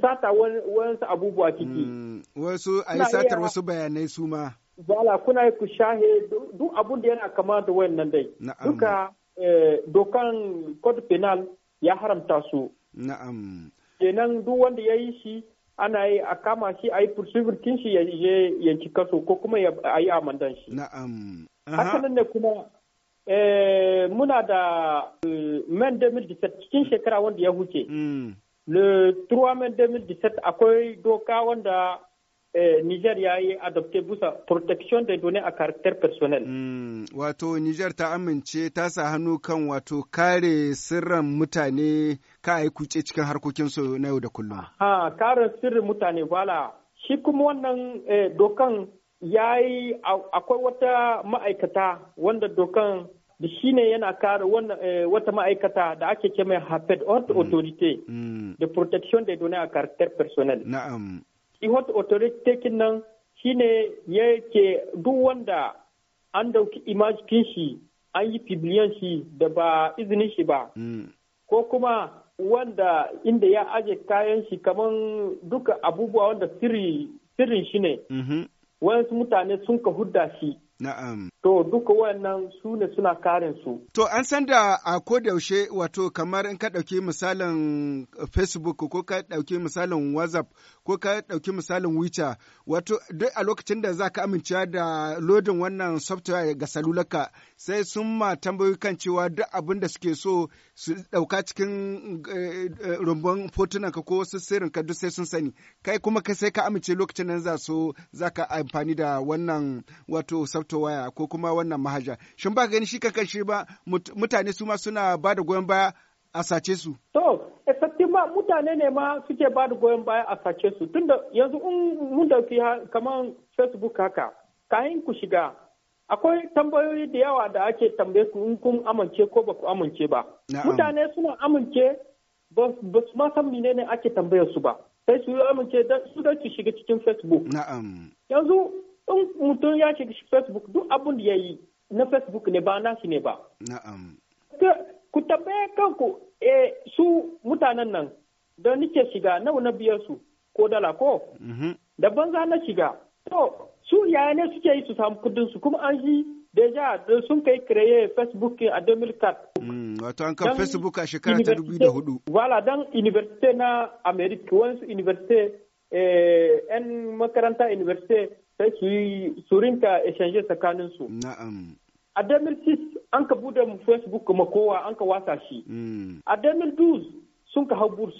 A: sata wasu abubuwa ciki mm, wasu a yi satar wasu
C: bayanai su ma
A: Bala, kuna yi ku shahe duk abun da yana kama da wayannan dai naam duka eh, dokan code penal ya haramta su
C: na'am
A: kenan duk wanda ya yi shi ana yi a kama shi a yi fursuvirkin shi ya je yanki ci kaso ko kuma a yi amandan shi.
C: Na'am.
A: Hakanan ne kuma eh, muna da eh, men 2017 cikin shekara wanda ya huce. Mm. Le 3 men 2017 akwai doka wanda Eh, Niger ya yi adopte busa protection da données a caractère personnel. Mm,
C: wato Niger ta amince ta sa hannu kan wato kare sirran mutane ka yi kuce cikin harkokinsu na yau da kullum.
A: Ha, kare sirrin mutane bala. Shi kuma wannan eh, dokan ya yi akwai wata ma'aikata wanda dokan da shi ne yana kare eh, wata ma'aikata da ake ce mai haped mm. authority mm. de protection des données à caractère personnel. Na'am. ihot authority taking nan shine yake duk wanda an dauki imajikin shi an yi fibliyan shi da ba izinin shi ba hmm. ko kuma wanda inda ya aje kayan shi kamar duka abubuwa wanda sirri shi ne mm-hmm. wani mutane sun ka hudda shi Na'am. To duka wannan su ne suna karin su.
C: To an san da a ko yaushe wato kamar in ka ɗauki misalin uh, Facebook ko ka ɗauki misalin WhatsApp ko ka ɗauki misalin WeChat, wato duk a lokacin da za ka amincewa da lodin wannan software ga salularka sai sun ma tambayi kan cewa duk abin da suke so su ɗauka cikin uh, uh, rumbun fotunan ka ko wasu sirrin ka duk sai sun sani kai kuma ka sai ka amince lokacin nan za so za ka amfani da wannan wato software wato waya ko kuma wannan mahaja shin ba gani shi kakan shi ba mutane su ma suna ba da goyon baya a sace su to ba mutane ne ma suke ba da goyon baya a sace su tunda yanzu in mun dauki
A: kamar facebook haka kayan ku shiga akwai tambayoyi da yawa da ake tambaye ku in kun amince ko ba ku amince ba mutane suna amince ba su ma san menene ake tambayar su ba sai su amince su da su shiga cikin facebook na'am yanzu in mutum ya shiga facebook duk abin da ya yi na facebook ne ba nashi ne ba na'am ku tabbaya kanku eh su mutanen nan da nike shiga nawa na biyar su ko dala ko mhm. da banza na shiga to su yaya ne suke yi su samu kudin su kuma an yi deja da sun kai kreye facebook a 2004
C: mm, wato an kan facebook a shekara ta 2004
A: wala dan university na america wani su university en eh, makaranta university sai su yi surinta exchange tsakanin su na'am a 2006 an ka bude facebook kuma kowa an ka wasa shi mm. a 2012 sun ka hau burs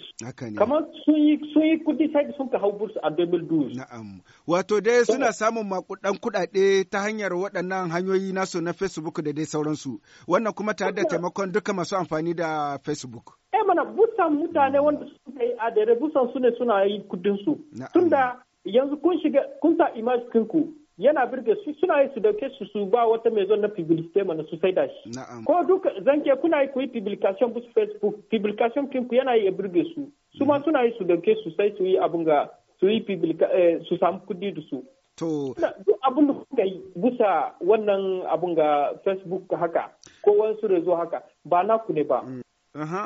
C: kamar sun yi sun yi kudi sai sun ka hau burs a 2012 na'am wato dai suna samun makudan kudade ta hanyar waɗannan hanyoyi nasu na facebook da dai sauransu wannan kuma tare da taimakon duka masu amfani da facebook eh mana busan mutane
A: wanda suka yi adere busan su ne suna yi kudin su tunda yanzu kun shiga kun sa image ku yana birge su suna yi su dauke su su ba wata mai zon na publicity mana su sai da shi ko duk zanke kuna yi ku yi publication bus facebook publication kinku yana yi ya birge su su ma mm-hmm. suna yi su dauke su sai su yi abun ga su yi eh, su samu kudi da su To. Duk abun da kuka yi busa wannan abun ga Facebook haka ko wasu rezo haka ba ku ne ba. Mm.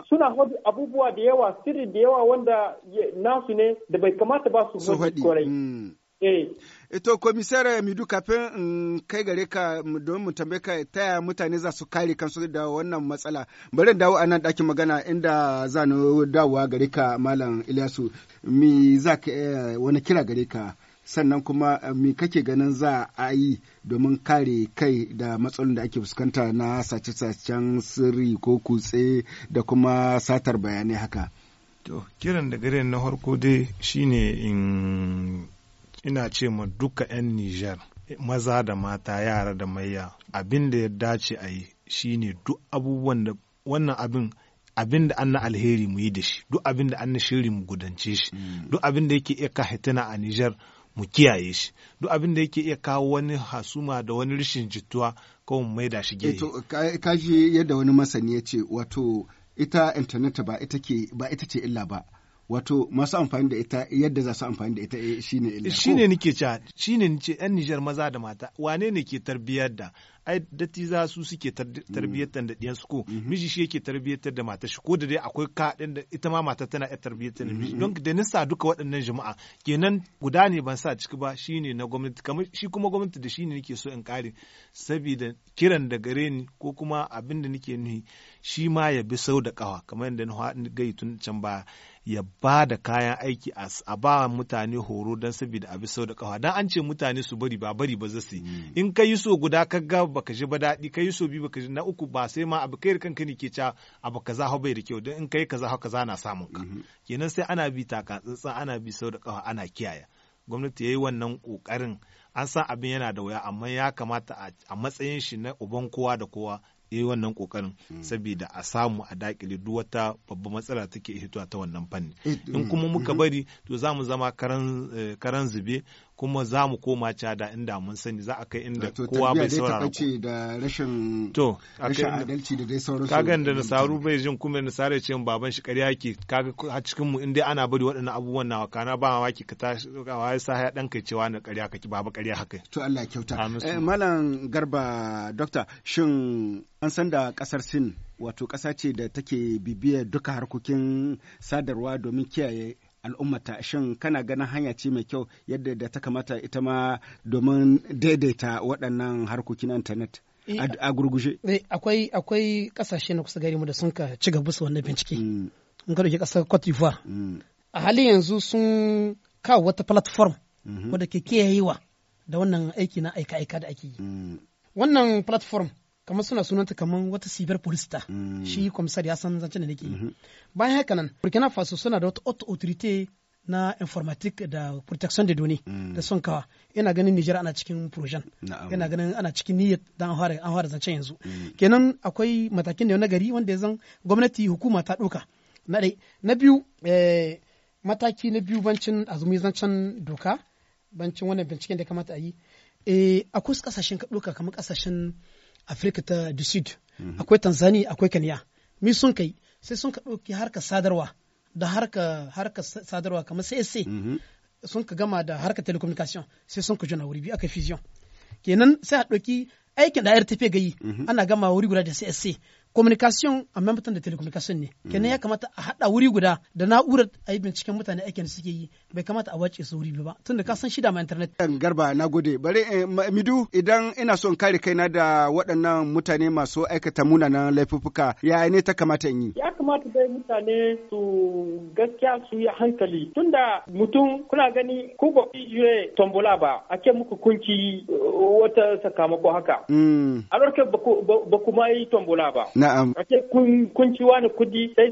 A: suna hudu abubuwa da yawa sirri
C: da yawa wanda nasu ne da bai kamata ba su
A: hudu kwarai.
B: Ito mm.
C: eh. eh, komisar eh, Midu kafin in kai gare ka don mu tambaye ka taya mutane za su kare kansu da wannan matsala. Bari dawo a nan ɗakin magana inda za ni dawowa gare ka Malam Ilyasu. Mi za ka wani kira gare ka sannan kuma eh, me kake ganin za a yi domin kare kai da matsalolin da ake fuskanta na sace-sacen sirri ko kutse da kuma satar bayanai haka
D: to kiran da gare na harko dai shine in ina ce ma duka 'yan nijar maza da mata yara da maiya abin da ya dace a yi shine duk abubuwan da wannan abin abin da an na alheri mu yi da shi duk abin da an na shiri mu gudance shi mm. duk abin da yake iya kahitina a Nijar mu kiyaye shi duk abin da yake iya kawo wani hasuma da wani rashin jituwa ko mu maida shi eh, gehe to
C: kaji yadda wani masani ya ce wato ita internet ba ita ke ba ita ce illa
D: ba wato masu
C: amfani da ita yadda za su amfani da ita eh, shine illa shine
D: nike cewa shine nice yan Nijar maza da mata wane ne ke tarbiyar da ai datti za su suke tarbiyyar da ɗiyansu ko mm-hmm. Mm-hmm. miji shi yake tarbiyyar da mata shi ko da dai akwai ka ɗin da ita ma mata tana iya tarbiyyar da miji mm-hmm. don da nisa duka waɗannan jama'a kenan guda ne ban sa ciki ba shi ne na gwamnati kamar shi kuma gwamnati da shi ne nike so in ƙare saboda kiran da gare ni ko kuma abin da nike nuhi shi ma ya bi sau da ƙawa kamar yadda na gai tun can baya ya ba da kayan aiki a ba mutane horo don saboda abi sau da kawa don an ce mutane su bari ba bari ba zasu mm. in ka yi so guda ka ga baka ji ba daɗi ka yi so biyu baka ji na uku ba sai ma abu kai kanka ne ke ca abu kaza hau bai da kyau don in kai kaza hau kaza na samun ka mm-hmm. kenan sai ana bi taka tsantsan ana bi sau da kawa ana kiyaye gwamnati ya yi wannan ƙoƙarin an san abin yana da wuya amma ya kamata a matsayin shi na uban kowa da kowa yi wannan kokarin hmm. saboda a samu a dakile duk wata babbar matsala take hitowa ta wannan fanni eh, in hmm, kuma muka hmm. bari to za mu zama karan eh, zube kuma za mu koma cada inda mun sani za a kai inda kowa bai saurara
C: ku da rashin to
D: rashin adalci
C: da dai sauransu kaga da nasaru
D: bai jin kuma nasaru ce baban shi ƙarya yake kaga a cikin mu inda ana bari waɗannan abubuwan na kana ba ki ka tashi wa sa ya dan kai cewa na ƙarya kake baba ƙarya haka to Allah kyauta eh,
C: malam garba doctor shin an san da ƙasar Sin wato ƙasa ce da take bibiyar duka harkokin sadarwa domin kiyaye al'ummata shin kana ganin hanya ce mai kyau yadda da ta kamata ita ma
B: domin daidaita waɗannan harkokin intanet eh, a gurguje eh, akwai akwai na kusa gari mu da sun ka ci gaba su wannan bincike in mm. ka dauki Cote d'Ivoire mm. a halin yanzu sun kawo wata platform mm-hmm. wadda ke kiyayewa da wannan aiki na aika-aika da ake yi mm. wannan platform kamar suna sunanta kamar wata sibar polista mm. shi komisar ya san zancen da nake mm-hmm. bayan haka nan burkina faso suna da wata auto autorite na informatic da protection da doni mm. da son kawa yana ganin Nijar ana cikin projan yana ganin ana cikin niyyar da an fara zancen yanzu mm. kenan akwai matakin da na gari wanda ya zan gwamnati hukuma ta ɗauka na ɗai na biyu eh, mataki na biyu bancin azumi zancen doka bancin wannan binciken da kamata a yi eh, a kasashen ka ɗauka kamar kasashen afirka du sud mhm. akwai tanzania akwai kenya mi sun kai sai sun ka ɗauki harka sadarwa da harka harka sadarwa kamar sai mhm. sun ka gama da harka telecommunication sai sun ka jona wuri biyu aka fusion kenan sai a ɗauki aikin da rtp gayi mhm. ana gama wuri guda da csc communication a même da telecommunication ne mm. kenan ya kamata a hada wuri guda da na'urar a yi binciken mutane aikin suke yi bai kamata a wace su wuri ba tunda ka san shida ma internet garba na gode bare
C: eh, midu idan ina son kare na da waɗannan mutane masu aikata munanan laifuffuka ya ne ta kamata in yi
A: ya kamata dai mutane su gaskiya su yi hankali tunda mutum kuna gani ko ba yi tombola ba ke muku kunci uh, wata sakamako haka mm. a ba ku ma yi tombola ba Na'am. A ce kun ci wani kudi sai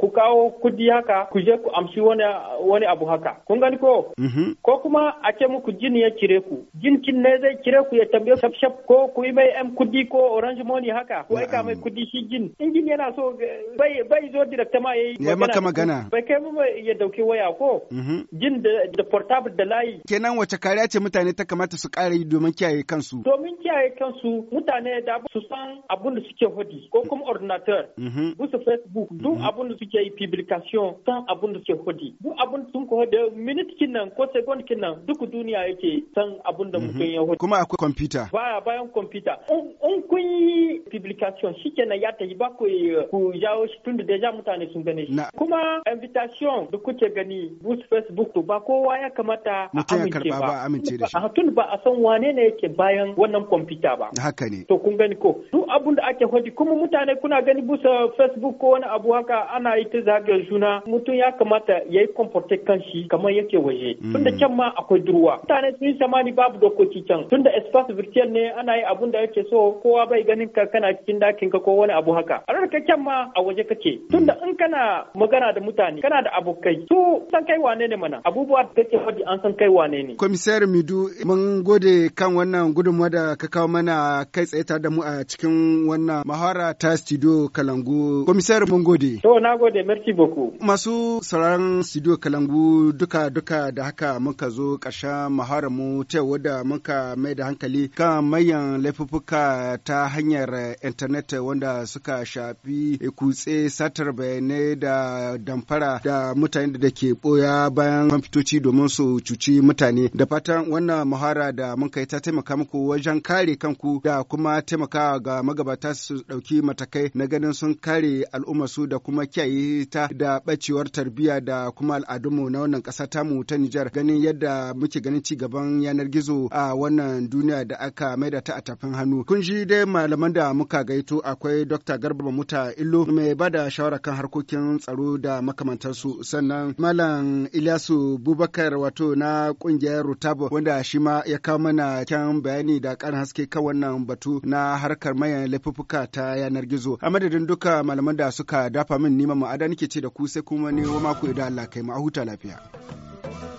A: ku kawo kudi haka ku je ku amshi wani abu haka. Kun gani ko? Mhm. Ko kuma a ce muku jin ya cire ku. Jin kin ne zai cire ku ya tambaye shaf shaf ko ku yi mai yan kudi ko orange money haka. Ku aika mai kudi shi jin. In jin yana so bai zo direct ma yayi. Ya maka magana. Bai kai mu ya dauki waya ko? Mhm. Jin da portable da layi.
C: Kenan wace kariya ce mutane ta kamata su kare domin kiyaye kansu?
A: Domin kiyaye kansu mutane da su san abin da suke hodi. Ko comme ordinateur mhm. sa facebook du abun su suke publication sans abun su suke hodi Bu abun da ko hodi minute kinan ko second kinan duk duniya yake san abun da
C: mutum ya hodi kuma akwai computer
A: baya bayan computer in kun yi publication na ya tafi ba ku jawo shi tun da deja mutane sun gane shi kuma invitation da kuke gani sa facebook to ba kowa ya kamata a amince
C: ba amince da shi
A: tun ba a san wane ne yake bayan wannan computer ba haka ne to kun gani ko duk abun da ake hodi kuma mutane mutane kuna gani busa facebook ko wani abu haka ana yi ta zagayar juna mutum ya kamata ya yi comporte kanshi kamar yake waje mm. tunda can ma akwai durwa mutane sun yi samani babu dokoki can tunda espace virtual ne ana yi abun da yake so kowa bai ganin ka kana cikin dakin ka ko wani abu haka a ka can ma a waje kake mm. tunda in kana magana da mutane kana da abokai su san kai wane ne mana abubuwa da kake faɗi an san kai wane ne
C: komisar midu mun gode kan wannan gudunmawa da ka kawo mana kai tsaye da mu a cikin wannan mahara ta studio Kalangu. Komisar mun gode. To na gode merci beaucoup. Masu sauraron studio Kalangu duka duka da haka muka zo ƙarshen maharamu ta wadda muka mai da hankali kan mayan laifuffuka ta hanyar intanet wanda suka shafi kutse satar bayanai da damfara da mutane da ke boya bayan kwamfutoci domin su cuci mutane da fatan wannan muhara da muka yi ta taimaka muku wajen kare kanku da kuma taimaka ga magabata su ɗauki matakan matakai na ganin sun kare al'umma su da kuma kiyaye ta da bacewar tarbiyya da kuma al'adunmu na wannan ta' mu ta Nijar ganin yadda muke ganin ci gaban yanar gizo a wannan duniya da aka maida ta a tafin hannu. Kun ji dai malaman da muka gaito akwai Dr. Garba Muta Illo mai bada shawara kan harkokin tsaro da makamantarsu sannan Malam Ilyasu Bubakar wato na kungiyar Rutabo wanda shi ma ya kawo mana kyan bayani da ƙarin haske kan wannan batu na harkar mayan laifuffuka ta yanar gizo a madadin duka malaman da suka dafa min nima ma'ada nake ce da ku sai kuma ne wa mako idan Allah kai mu a huta lafiya.